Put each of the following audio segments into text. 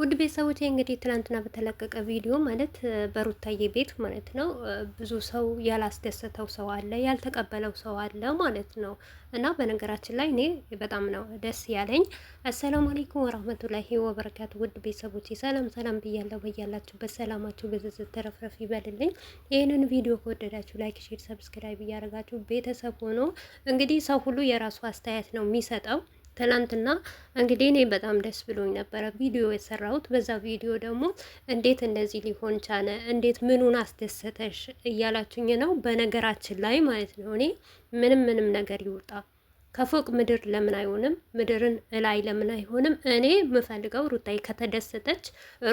ውድ ቤተሰቦቼ እንግዲህ ትናንትና በተለቀቀ ቪዲዮ ማለት በሩታዬ ቤት ማለት ነው ብዙ ሰው ያላስደሰተው ሰው አለ፣ ያልተቀበለው ሰው አለ ማለት ነው። እና በነገራችን ላይ እኔ በጣም ነው ደስ ያለኝ። አሰላሙ አለይኩም ወራህመቱላሂ ወበረካቱ። ውድ ቤተሰቦቼ ሰላም ሰላም ብያለሁ። በያላችሁበት ሰላማችሁ ብዝዝ ተረፍረፍ ይበልልኝ። ይህንን ቪዲዮ ከወደዳችሁ ላይክ፣ ሼር፣ ሰብስክራይብ እያደረጋችሁ ቤተሰብ ሆኖ እንግዲህ ሰው ሁሉ የራሱ አስተያየት ነው የሚሰጠው ትላንትና እንግዲህ እኔ በጣም ደስ ብሎኝ ነበረ ቪዲዮ የሰራሁት። በዛ ቪዲዮ ደግሞ እንዴት እንደዚህ ሊሆን ቻለ፣ እንዴት ምኑን አስደሰተሽ እያላችኝ ነው። በነገራችን ላይ ማለት ነው እኔ ምንም ምንም ነገር ይውጣ ከፎቅ ምድር ለምን አይሆንም? ምድርን እላይ ለምን አይሆንም? እኔ የምፈልገው ሩታዬ ከተደሰተች፣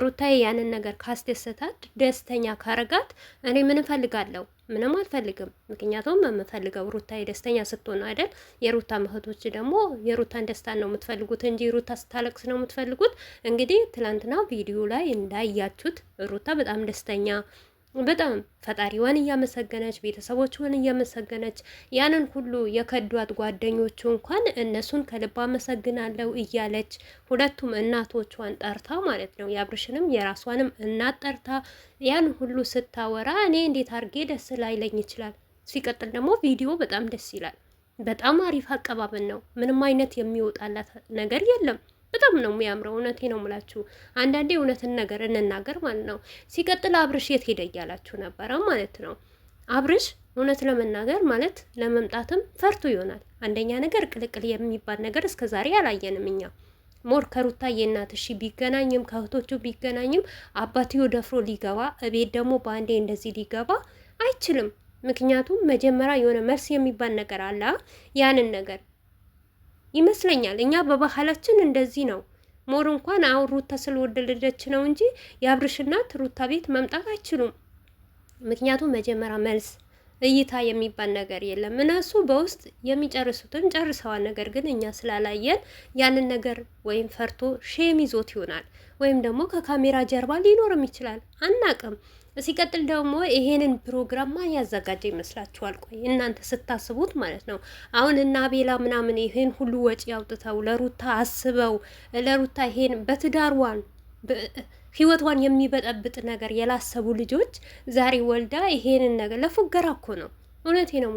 ሩታዬ ያንን ነገር ካስደሰታት፣ ደስተኛ ካረጋት እኔ ምን እፈልጋለሁ? ምንም አልፈልግም። ምክንያቱም የምፈልገው ሩታዬ ደስተኛ ስትሆን አይደል? የሩታ እህቶች ደግሞ የሩታን ደስታን ነው የምትፈልጉት እንጂ ሩታ ስታለቅስ ነው የምትፈልጉት። እንግዲህ ትላንትና ቪዲዮ ላይ እንዳያችሁት ሩታ በጣም ደስተኛ በጣም ፈጣሪዋን እያመሰገነች ቤተሰቦቿን እያመሰገነች ያንን ሁሉ የከዷት ጓደኞቹ እንኳን እነሱን ከልባ አመሰግናለሁ እያለች ሁለቱም እናቶቿን ጠርታ ማለት ነው የአብርሽንም የራሷንም እናት ጠርታ ያን ሁሉ ስታወራ እኔ እንዴት አድርጌ ደስ ላይለኝ ይችላል። ሲቀጥል ደግሞ ቪዲዮ በጣም ደስ ይላል። በጣም አሪፍ አቀባበል ነው። ምንም አይነት የሚወጣላት ነገር የለም። በጣም ነው የሚያምረው። እውነቴ ነው የምላችሁ። አንዳንዴ እውነትን ነገር እንናገር ማለት ነው። ሲቀጥል አብርሽ የት ሄደ እያላችሁ ነበረ ማለት ነው። አብርሽ እውነት ለመናገር ማለት ለመምጣትም ፈርቶ ይሆናል። አንደኛ ነገር ቅልቅል የሚባል ነገር እስከ ዛሬ አላየንም እኛ ሞር ከሩታ የእናት እሺ ቢገናኝም ከእህቶቹ ቢገናኝም አባትዮ ደፍሮ ሊገባ እቤት ደግሞ በአንዴ እንደዚህ ሊገባ አይችልም። ምክንያቱም መጀመሪያ የሆነ መልስ የሚባል ነገር አለ። ያንን ነገር ይመስለኛል። እኛ በባህላችን እንደዚህ ነው። ሞር እንኳን አሁን ሩታ ስለወደደች ነው እንጂ የአብርሽ እናት ሩታ ቤት መምጣት አይችሉም። ምክንያቱም መጀመሪያ መልስ እይታ የሚባል ነገር የለም። እነሱ በውስጥ የሚጨርሱትን ጨርሰዋል። ነገር ግን እኛ ስላላየን ያንን ነገር ወይም ፈርቶ ሼም ይዞት ይሆናል፣ ወይም ደግሞ ከካሜራ ጀርባ ሊኖርም ይችላል፣ አናቅም። ሲቀጥል ደግሞ ይሄንን ፕሮግራም ማን ያዘጋጀ ይመስላችኋል? ቆይ እናንተ ስታስቡት ማለት ነው። አሁን እና ቤላ ምናምን ይሄን ሁሉ ወጪ አውጥተው ለሩታ አስበው ለሩታ ይሄን በትዳርዋን ህይወቷን የሚበጠብጥ ነገር የላሰቡ ልጆች ዛሬ ወልዳ ይሄንን ነገር ለፉገራ እኮ ነው። እውነቴ ነው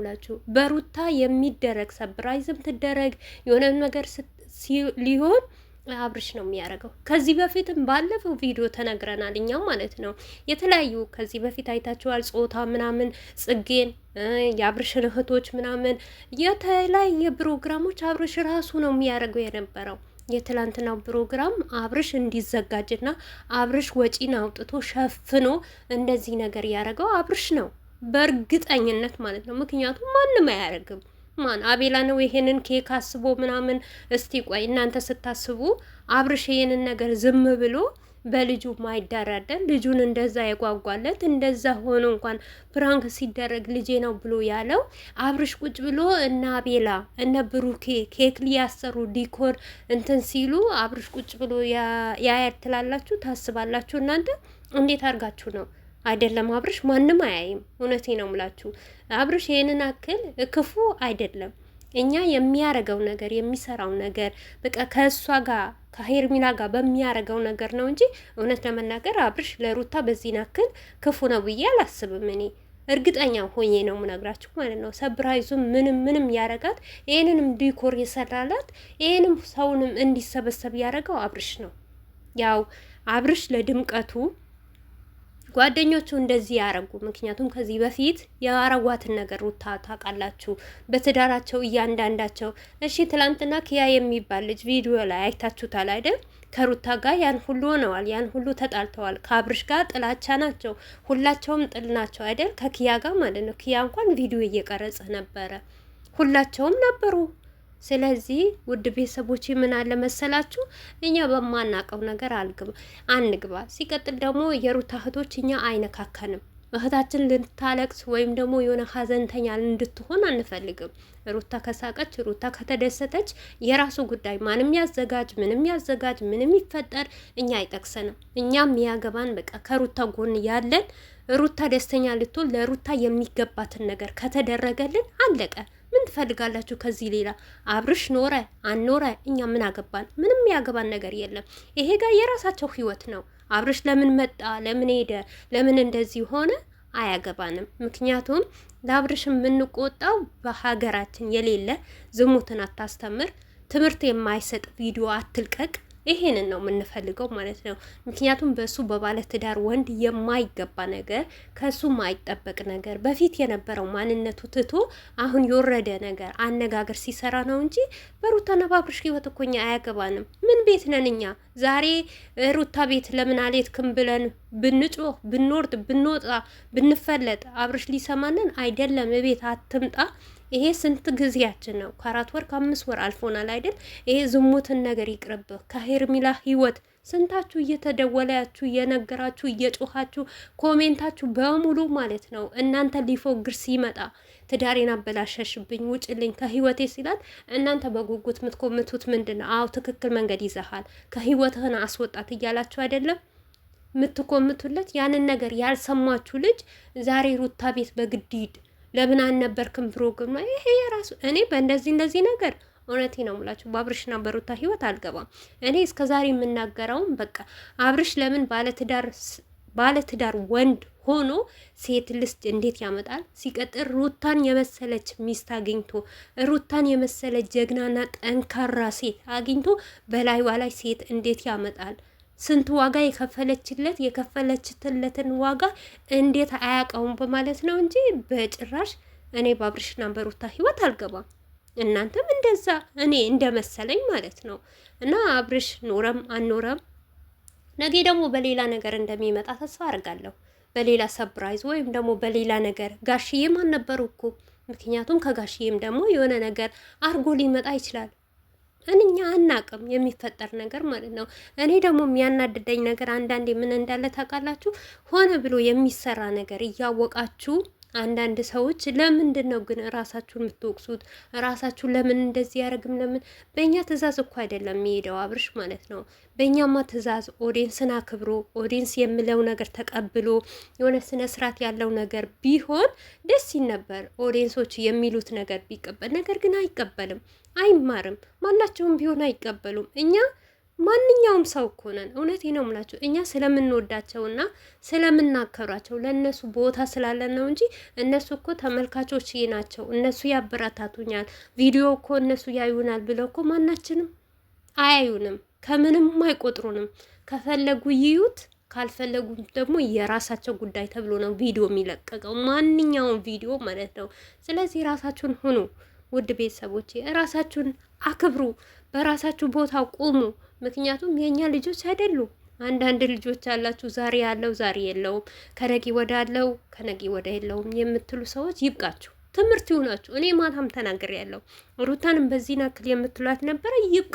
በሩታ የሚደረግ ሰብራይዝም ትደረግ የሆነ ነገር ሊሆን አብርሽ ነው የሚያደርገው። ከዚህ በፊትም ባለፈው ቪዲዮ ተነግረናል እኛ ማለት ነው። የተለያዩ ከዚህ በፊት አይታችኋል። ጾታ ምናምን ጽጌን የአብርሽን እህቶች ምናምን የተለያየ ፕሮግራሞች አብርሽ ራሱ ነው የሚያደርገው የነበረው። የትላንትናው ፕሮግራም አብርሽ እንዲዘጋጅና አብርሽ ወጪን አውጥቶ ሸፍኖ እንደዚህ ነገር ያደረገው አብርሽ ነው በእርግጠኝነት ማለት ነው። ምክንያቱም ማንም አያደርግም። ማን አቤላ ነው ይሄንን ኬክ አስቦ ምናምን? እስቲ ቆይ እናንተ ስታስቡ አብርሽ ይሄንን ነገር ዝም ብሎ በልጁ ማይዳራደር ልጁን እንደዛ የጓጓለት እንደዛ ሆኖ እንኳን ፕራንክ ሲደረግ ልጄ ነው ብሎ ያለው አብርሽ ቁጭ ብሎ እነ አቤላ እነ ብሩኬ ኬክ ሊያሰሩ ዲኮር እንትን ሲሉ አብርሽ ቁጭ ብሎ ያያል ትላላችሁ ታስባላችሁ እናንተ እንዴት አድርጋችሁ ነው አይደለም አብርሽ ማንም አያይም። እውነቴ ነው ምላችሁ አብርሽ ይህንን አክል ክፉ አይደለም። እኛ የሚያረገው ነገር የሚሰራው ነገር በቃ ከእሷ ጋር ከሄርሚላ ጋር በሚያረገው ነገር ነው እንጂ እውነት ለመናገር አብርሽ ለሩታ በዚህን አክል ክፉ ነው ብዬ አላስብም። እኔ እርግጠኛ ሆኜ ነው ምነግራችሁ ማለት ነው። ሰብራይዙ ምንም ምንም ያረጋት ይህንንም ዲኮር የሰራላት ይህንም ሰውንም እንዲሰበሰብ ያረገው አብርሽ ነው። ያው አብርሽ ለድምቀቱ ጓደኞቹ እንደዚህ ያረጉ። ምክንያቱም ከዚህ በፊት የአረጓትን ነገር ሩታ ታውቃላችሁ። በትዳራቸው እያንዳንዳቸው እሺ፣ ትላንትና ኪያ የሚባል ልጅ ቪዲዮ ላይ አይታችሁታል አይደል? ከሩታ ጋር ያን ሁሉ ሆነዋል፣ ያን ሁሉ ተጣልተዋል። ከአብርሽ ጋር ጥላቻ ናቸው፣ ሁላቸውም ጥል ናቸው አይደል? ከኪያ ጋር ማለት ነው። ኪያ እንኳን ቪዲዮ እየቀረጸ ነበረ፣ ሁላቸውም ነበሩ ስለዚህ ውድ ቤተሰቦች ምን አለ መሰላችሁ፣ እኛ በማናቀው ነገር አልግባ አንግባ። ሲቀጥል ደግሞ የሩታ እህቶች እኛ አይነካከንም። እህታችን ልታለቅስ ወይም ደግሞ የሆነ ሀዘንተኛ እንድትሆን አንፈልግም። ሩታ ከሳቀች፣ ሩታ ከተደሰተች የራሱ ጉዳይ። ማንም ያዘጋጅ፣ ምንም ያዘጋጅ፣ ምንም ይፈጠር እኛ አይጠቅሰንም። እኛም ያገባን በቃ ከሩታ ጎን ያለን ሩታ ደስተኛ ልትሆን ለሩታ የሚገባትን ነገር ከተደረገልን አለቀ። ምን ትፈልጋላችሁ ከዚህ ሌላ? አብርሽ ኖረ አንኖረ እኛ ምን አገባን? ምንም ያገባን ነገር የለም። ይሄ ጋር የራሳቸው ህይወት ነው። አብርሽ ለምን መጣ፣ ለምን ሄደ፣ ለምን እንደዚህ ሆነ አያገባንም። ምክንያቱም ለአብርሽ የምንቆጣው በሀገራችን የሌለ ዝሙትን አታስተምር፣ ትምህርት የማይሰጥ ቪዲዮ አትልቀቅ ይሄንን ነው የምንፈልገው ማለት ነው። ምክንያቱም በሱ በባለ ትዳር ወንድ የማይገባ ነገር ከሱ ማይጠበቅ ነገር በፊት የነበረው ማንነቱ ትቶ አሁን የወረደ ነገር አነጋገር ሲሰራ ነው እንጂ በሩታና በአብርሽ ህይወት እኮ እኛ አያገባንም። ምን ቤት ነን እኛ? ዛሬ ሩታ ቤት ለምን አልሄድክም ብለን ብንጮህ ብንወርድ ብንወጣ ብንፈለጥ አብርሽ ሊሰማንን አይደለም። ቤት አትምጣ ይሄ ስንት ጊዜያችን ነው? ከአራት ወር ከአምስት ወር አልፎናል አይደል? ይሄ ዝሙትን ነገር ይቅርብህ። ከሄርሚላ ህይወት ስንታችሁ እየተደወላችሁ እየነገራችሁ እየጮኻችሁ ኮሜንታችሁ በሙሉ ማለት ነው እናንተ ሊፎግር ሲመጣ ትዳሬን አበላሸሽብኝ ውጭልኝ ከህይወቴ ሲላል እናንተ በጉጉት ምትኮምቱት ምንድን ነው? አዎ ትክክል መንገድ ይዘሃል፣ ከህይወትህን አስወጣት እያላችሁ አይደለም ምትኮምቱለት። ያንን ነገር ያልሰማችሁ ልጅ ዛሬ ሩታ ቤት በግድ ሂድ ለምን አልነበርክም ፕሮግራም ላይ ይሄ የራሱ እኔ በእንደዚህ እንደዚህ ነገር እውነቴ ነው በአብርሽ በአብርሽና በሩታ ህይወት አልገባም። እኔ እስከ ዛሬ የምናገረውም በቃ አብርሽ ለምን ባለትዳር ባለትዳር ወንድ ሆኖ ሴት ልጅ እንዴት ያመጣል? ሲቀጥር ሩታን የመሰለች ሚስት አግኝቶ ሩታን የመሰለች ጀግናና ጠንካራ ሴት አግኝቶ በላይ ላይ ሴት እንዴት ያመጣል? ስንት ዋጋ የከፈለችለት የከፈለችትለትን ዋጋ እንዴት አያውቀውም በማለት ነው እንጂ በጭራሽ እኔ በአብርሽና በሩታ ህይወት አልገባም። እናንተም እንደዛ እኔ እንደመሰለኝ ማለት ነው። እና አብርሽ ኖረም አንኖረም ነገ ደግሞ በሌላ ነገር እንደሚመጣ ተስፋ አድርጋለሁ። በሌላ ሰብራይዝ ወይም ደግሞ በሌላ ነገር ጋሽዬም አልነበሩ እኮ ምክንያቱም ከጋሽዬም ደግሞ የሆነ ነገር አድርጎ ሊመጣ ይችላል። እኛ አናቅም የሚፈጠር ነገር ማለት ነው። እኔ ደግሞ የሚያናድደኝ ነገር አንዳንዴ ምን እንዳለ ታውቃላችሁ? ሆነ ብሎ የሚሰራ ነገር እያወቃችሁ አንዳንድ ሰዎች ለምንድን ነው ግን ራሳችሁን የምትወቅሱት? ራሳችሁ ለምን እንደዚህ ያደርግም? ለምን በእኛ ትዕዛዝ እኮ አይደለም የሚሄደው አብርሽ ማለት ነው። በእኛማ ትዕዛዝ ኦዲንስን አክብሮ ኦዲንስ የምለው ነገር ተቀብሎ የሆነ ስነ ስርዓት ያለው ነገር ቢሆን ደስ ይል ነበር። ኦዲንሶች የሚሉት ነገር ቢቀበል ነገር ግን አይቀበልም፣ አይማርም። ማናቸውም ቢሆን አይቀበሉም እኛ ማንኛውም ሰው እኮ ነን። እውነት ነው የምላቸው እኛ ስለምንወዳቸውና ስለምናከሯቸው ለእነሱ ቦታ ስላለን ነው እንጂ እነሱ እኮ ተመልካቾች ናቸው። እነሱ ያበረታቱኛል፣ ቪዲዮ እኮ እነሱ ያዩናል ብለው እኮ ማናችንም አያዩንም፣ ከምንም አይቆጥሩንም። ከፈለጉ ይዩት፣ ካልፈለጉ ደግሞ የራሳቸው ጉዳይ ተብሎ ነው ቪዲዮ የሚለቀቀው ማንኛውም ቪዲዮ ማለት ነው። ስለዚህ ራሳችሁን ሁኑ፣ ውድ ቤተሰቦቼ፣ ራሳችሁን አክብሩ፣ በራሳችሁ ቦታ ቁሙ። ምክንያቱም የእኛ ልጆች አይደሉም። አንዳንድ ልጆች አላችሁ፣ ዛሬ ያለው ዛሬ የለውም፣ ከነጊ ወደ አለው ከነጊ ወደ የለውም የምትሉ ሰዎች ይብቃችሁ። ትምህርት ይሁናችሁ። እኔ ማታም ተናግሬ ያለው ሩታንም በዚህ ናክል የምትሏት ነበረ። ይብቅ